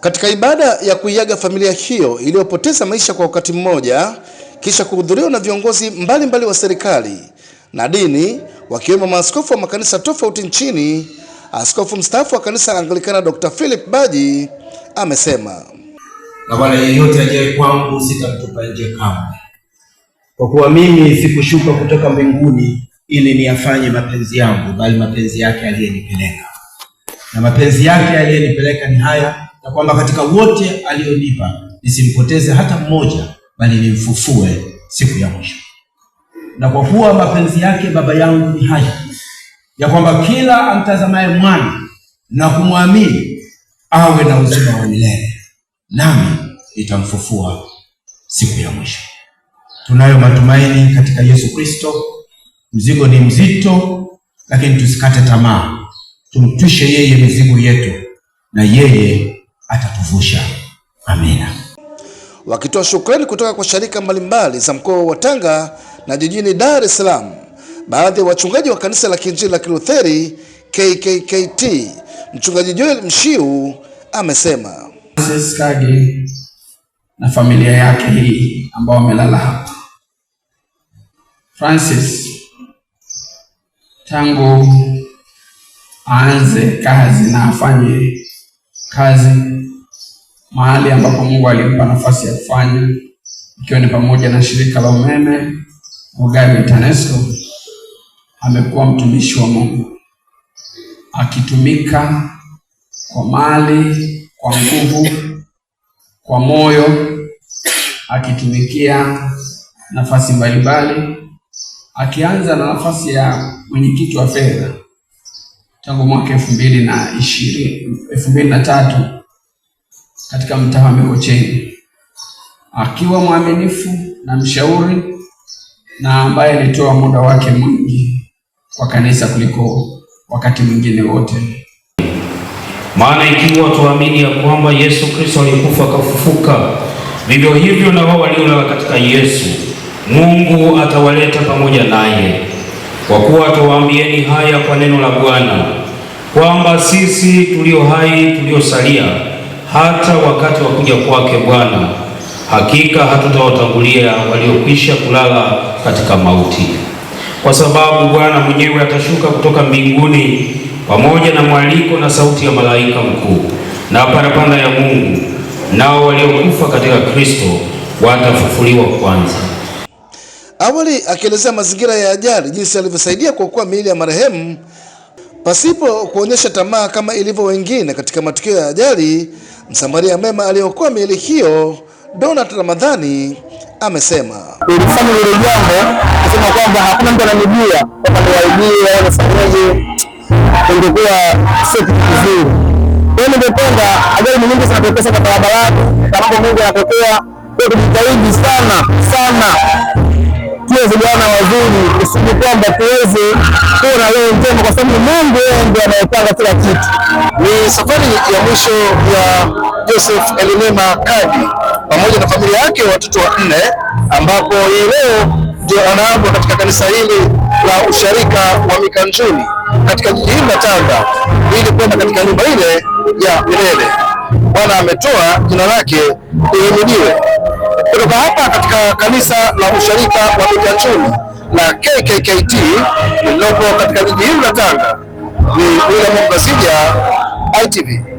Katika ibada ya kuiaga familia hiyo iliyopoteza maisha kwa wakati mmoja kisha kuhudhuriwa na viongozi mbalimbali mbali wa serikali na dini wakiwemo maaskofu wa makanisa tofauti nchini, askofu mstaafu wa kanisa la Anglikana Dr. Philip Baji amesema, na wale yeyote ajaye kwangu sitamtupa nje kamwe, kwa kuwa mimi sikushuka kutoka mbinguni ili niyafanye mapenzi yangu, bali mapenzi yake aliyenipeleka, na mapenzi yake aliyenipeleka ni haya na kwamba katika wote alionipa nisimpoteze hata mmoja, bali nimfufue siku ya mwisho. Na kwa kuwa mapenzi yake Baba yangu ni haya, ya kwamba kila amtazamaye mwana na kumwamini awe na uzima wa milele, nami nitamfufua siku ya mwisho. Tunayo matumaini katika Yesu Kristo. Mzigo ni mzito, lakini tusikate tamaa, tumtwishe yeye mizigo yetu na yeye atatuvusha. Amina. Wakitoa shukrani kutoka kwa sharika mbalimbali za mkoa wa Tanga na jijini Dar es Salaam, baadhi ya wachungaji wa kanisa la Kiinjili la Kilutheri KKKT, mchungaji Joel Mshiu amesema Kage na familia yake hii ambao wamelala hapa. Francis tangu aanze kazi na afanye kazi mahali ambapo Mungu alimpa nafasi ya kufanya, ikiwa ni pamoja na shirika la umeme Ugavi TANESCO. Amekuwa mtumishi wa Mungu akitumika kwa mali, kwa nguvu, kwa moyo, akitumikia nafasi mbalimbali, akianza na nafasi ya mwenyekiti wa fedha tangu mwaka elfu mbili na ishirini elfu mbili na tatu katika mtaa wa Mikocheni, akiwa mwaminifu na mshauri na ambaye alitoa muda wake mwingi kwa kanisa kuliko wakati mwingine wote. Maana ikiwa tuamini ya kwamba Yesu Kristo alikufa akafufuka, vivyo hivyo na wao waliolala katika Yesu Mungu atawaleta pamoja naye kwa kuwa tuwaambieni haya kwa neno la Bwana, kwamba sisi tulio hai tuliosalia, hata wakati wa kuja kwake Bwana, hakika hatutawatangulia waliokwisha kulala katika mauti, kwa sababu Bwana mwenyewe atashuka kutoka mbinguni pamoja na mwaliko na sauti ya malaika mkuu na parapanda ya Mungu, nao waliokufa katika Kristo watafufuliwa kwanza. Awali akielezea mazingira ya ajali, jinsi alivyosaidia kuokoa miili ya marehemu pasipo kuonyesha tamaa kama ilivyo wengine katika matukio ya ajali, msamaria mema aliyeokoa miili hiyo Donald Ramadhani amesema ilifanya ile jambo, kusema kwamba hakuna mtu ananijua ni niwaibie au nifanyeje, ingekuwa sio kitu kizuri. Kwa hiyo ningependa, ajali nyingi zinatokea barabara kwa sababu Mungu mengi kwa kujitahidi sana sana tuwe vijana wazuri, kusudi kwamba tuweze kuwa na roho njema, kwa sababu Mungu yeye ndiye anayepanga kila kitu. Ni safari ya mwisho ya Joseph Elinema Kadi pamoja na familia yake, watoto wanne, ambapo yeye leo ndio anaagwa katika kanisa hili la usharika wa Mikanjuni katika jiji hili la Tanga ili kwenda katika nyumba ile ya milele. Bwana ametoa, jina lake lihimidiwe kutoka hapa katika kanisa la usharika wa Mtachuni na KKKT lililopo katika jiji hili la Tanga. Ni William Kasija, ITV.